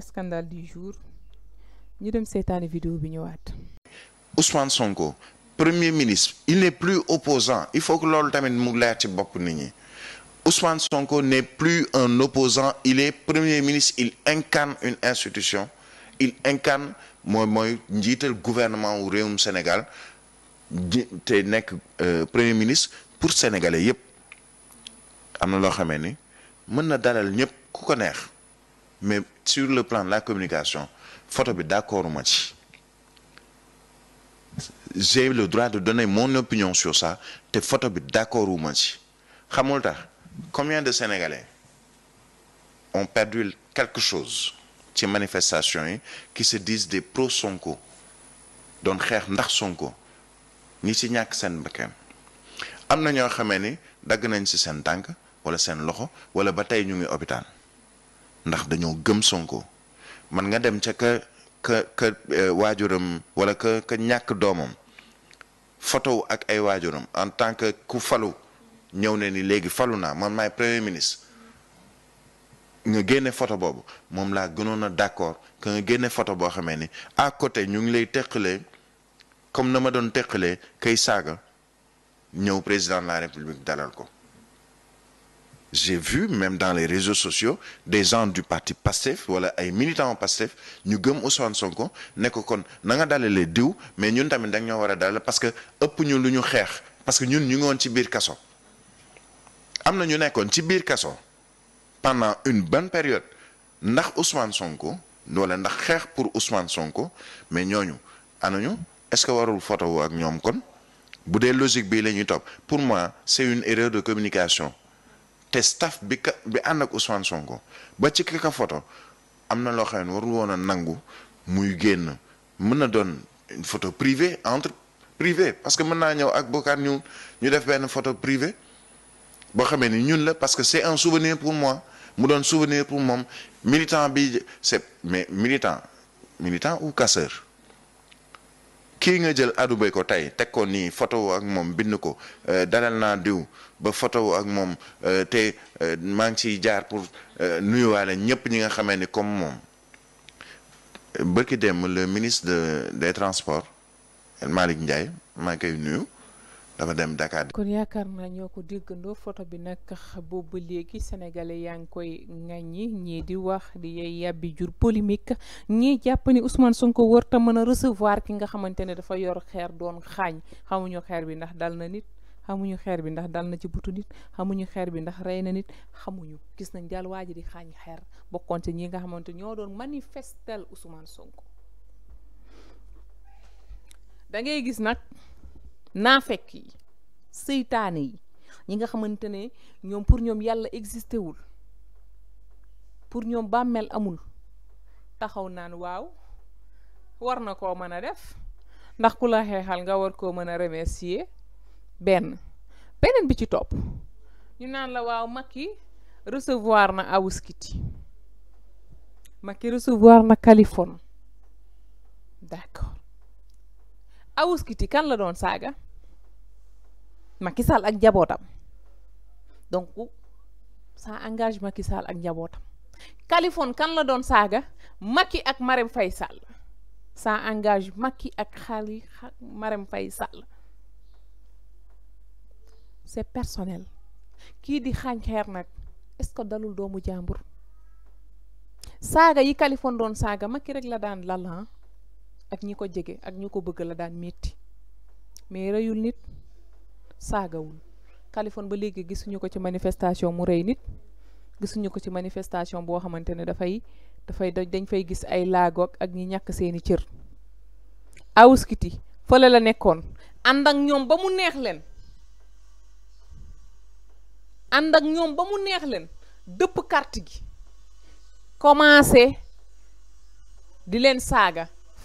scandale du jour vidéo Ousmane Sonko premier ministre il n'est plus opposant il faut que l'on le mu leer ci nit Ousmane Sonko n'est plus un opposant il est premier ministre il incarne une institution il incarne moy moy le gouvernement au Réunion Sénégal te euh, premier ministre pour sénégalais je ne sais pas ni mais sur le plan de la communication faut être d'accord ou ci j'ai le droit de donner mon opinion sur ça Il faut être d'accord ou combien de sénégalais ont perdu quelque chose ci manifestation qui se disent des pro Sonko donc xeex ndax Sonko ñi ci ñàkk seen bakkan am na ñoo xamee ni dagg nañ ci seen tànk wala seen loxo wala ba tey ñu ngi hôpital ndax dañoo gëm Sonko man nga dem ca ka ka ka e, waajuram wala ka ka ñàkk doomam photo ak ay waajuram en tant que ku falu ñëw ne ni léegi falu naa man maay premier ministre nga génne foto boobu moom laa gënoon a d'accord que nga génne photo boo xamee ni à côté ñu ngi lay teqalee comme nous avons le kay le président de la république j'ai vu même dans les réseaux sociaux des gens du parti passif, wala ay militants PASTEF nous gëm Ousmane Sonko deux, kon nga mais nous tamit da ñoo parce que ëpp ñu lu ñu parce que nous ñu ngi woon ci biir kaso am ñu pendant une bonne période ndax Ousmane Sonko wala ndax deux. pour Ousmane Sonko mais les anañu est-ce que warul photo wu ak ñoom kon bu logique bi lañuy top pour moi c'est une erreur de communication té staff bi ka bi and ak Ousmane Sonko ba ci kaka photo amna lo loo warul wona a nangu muy génn mëna donne une photo privée entre privé parce que mëna ñëw ak Bokar ñu ñu def benn photo privée boo xamé ni ñun la parce que c'est un souvenir pour moi mu donne souvenir pour moom militant bi c'est mais militant militant ou casseur kii nga jël Adou Boy ko tey teg ko nii photo ak moom bind ko euh, dalal naa diw ba photo ak moom euh, te euh, maa ngi ciy jaar pour nuyuwaale ñëpp ñi nga xamee ni comme moom bërki dem le ministre de des transports Malick Ndiaye maa ngi koy nuyu dama dem Dakar. kon yaakaar naa ñoo ko déggandoo photo bi nag boobu ba léegi sénégalais yaa ngi koy ŋaññi ñii di wax di yey yàbbi jur polémique ñii jàpp ni Ousmane Sonko war te mën a recevoir ki nga xamante ne dafa yor xeer doon xaañ xamuñu xeer bi ndax dal na nit xamuñu xeer bi ndax dal na ci butu nit xamuñu xeer bi ndax rey na nit xamuñu gis nañ daal waa ji di xaañ xeer bokkonte ñi nga xamante ñoo doon manifestel Ousmane Sonko da ngay gis nag. naafekk yi seytaane yi ñi nga xamante ne ñoom pour ñoom yàlla existé wul pour ñoom bàmmeel amul taxaw naan waaw war na koo mën a def ndax ku la xeexal nga war koo mën a remercier benn beneen bi ci topp ñu naan la waaw Macky recevoir na Awuskiti Macky recevoir na Californie d'accord awuskiti kan la doon saaga Macky Sall ak njabootam donc ça engage Macky Sall ak njabootam kalifon kan la doon saaga Macky ak Marème Faye Sall ça engage Macky ak xali Marème Faye Sall c'est personnel kii di xaañ xeer nag est-ce que dalul doomu jàmbur saaga yi Kaliphone doon saaga Macky rek la daan lal ak ñi ko jege ak ñi ko bëgg la daan metti mais reyul nit saagawul Kaliphone ba léegi gisuñu ko ci manifestation mu rey nit gisuñu ko ci manifestation boo xamante ne dafay dafay dañ fay gis ay laago ak ñi ñàkk seeni cër awuskiti fële la nekkoon ànd ak ñoom ba mu neex leen ànd ak ñoom ba mu neex leen dëpp carte gi commencé di leen saaga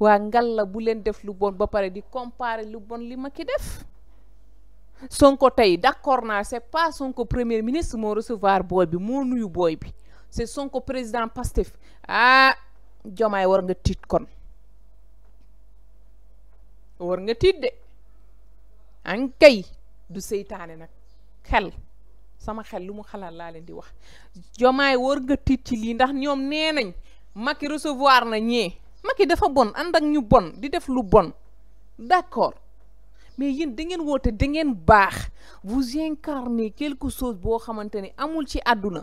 waa la bu leen def lu bon ba pare di comparer lu bon li ma ki def Sonko tey d'accord naa c'est pas Sonko premier ministre moo recevoir booy bi moo nuyu booy bi c'est Sonko président Pastef ah Diomaye war nga tiit kon war nga tiit de ankay du seytaane nag xel sama xel lu mu xalaat laa leen di wax Diomaye war nga tiit ci lii ndax ñoom nee nañ Macky recevoir na ñee Macky dafa bon ànd ak ñu bon di def lu bon d'accord mais yéen da ngeen woote da ngeen baax vous incarnez quelque chose boo xamante ni amul ci àdduna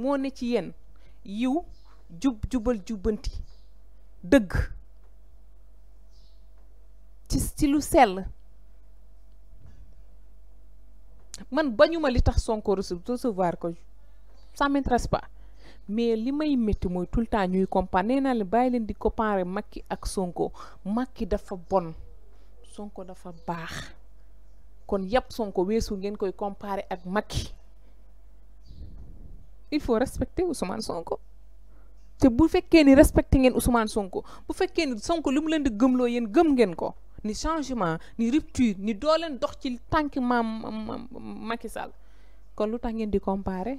moo ne ci yenn yiw jub jubal jubbanti dëgg ci ci lu sell man bañuma li tax Sonko recevoir ko ça mais li may métti mooy tout le temps ñuy comparer nee naa leen bàyyi leen di comparer Macky ak Sonko Macky dafa bon Sonko dafa baax kon yàpp Sonko weesu ngeen koy comparer ak Macky il faut respecter Ousmane Sonko te bu fekkee ni respecté ngeen Ousmane Sonko bu fekkee ni Sonko li mu leen di gëmloo yéen gëm ngeen ko ni changement ni rupture ni doo leen dox ci tànk maam Macky Sall kon lu tax ngeen di comparer.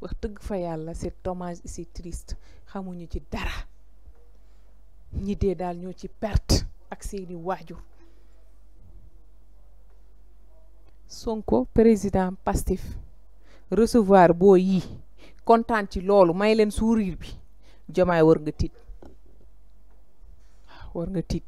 wax dëgg fa yàlla c'est dommage et c'est xamuñu ci dara ñi daal ñoo ci perte ak seeni waajur Sonko président pastif recevoir boo yi kontaan ci loolu may leen sourire bi Diomaye war nga tiit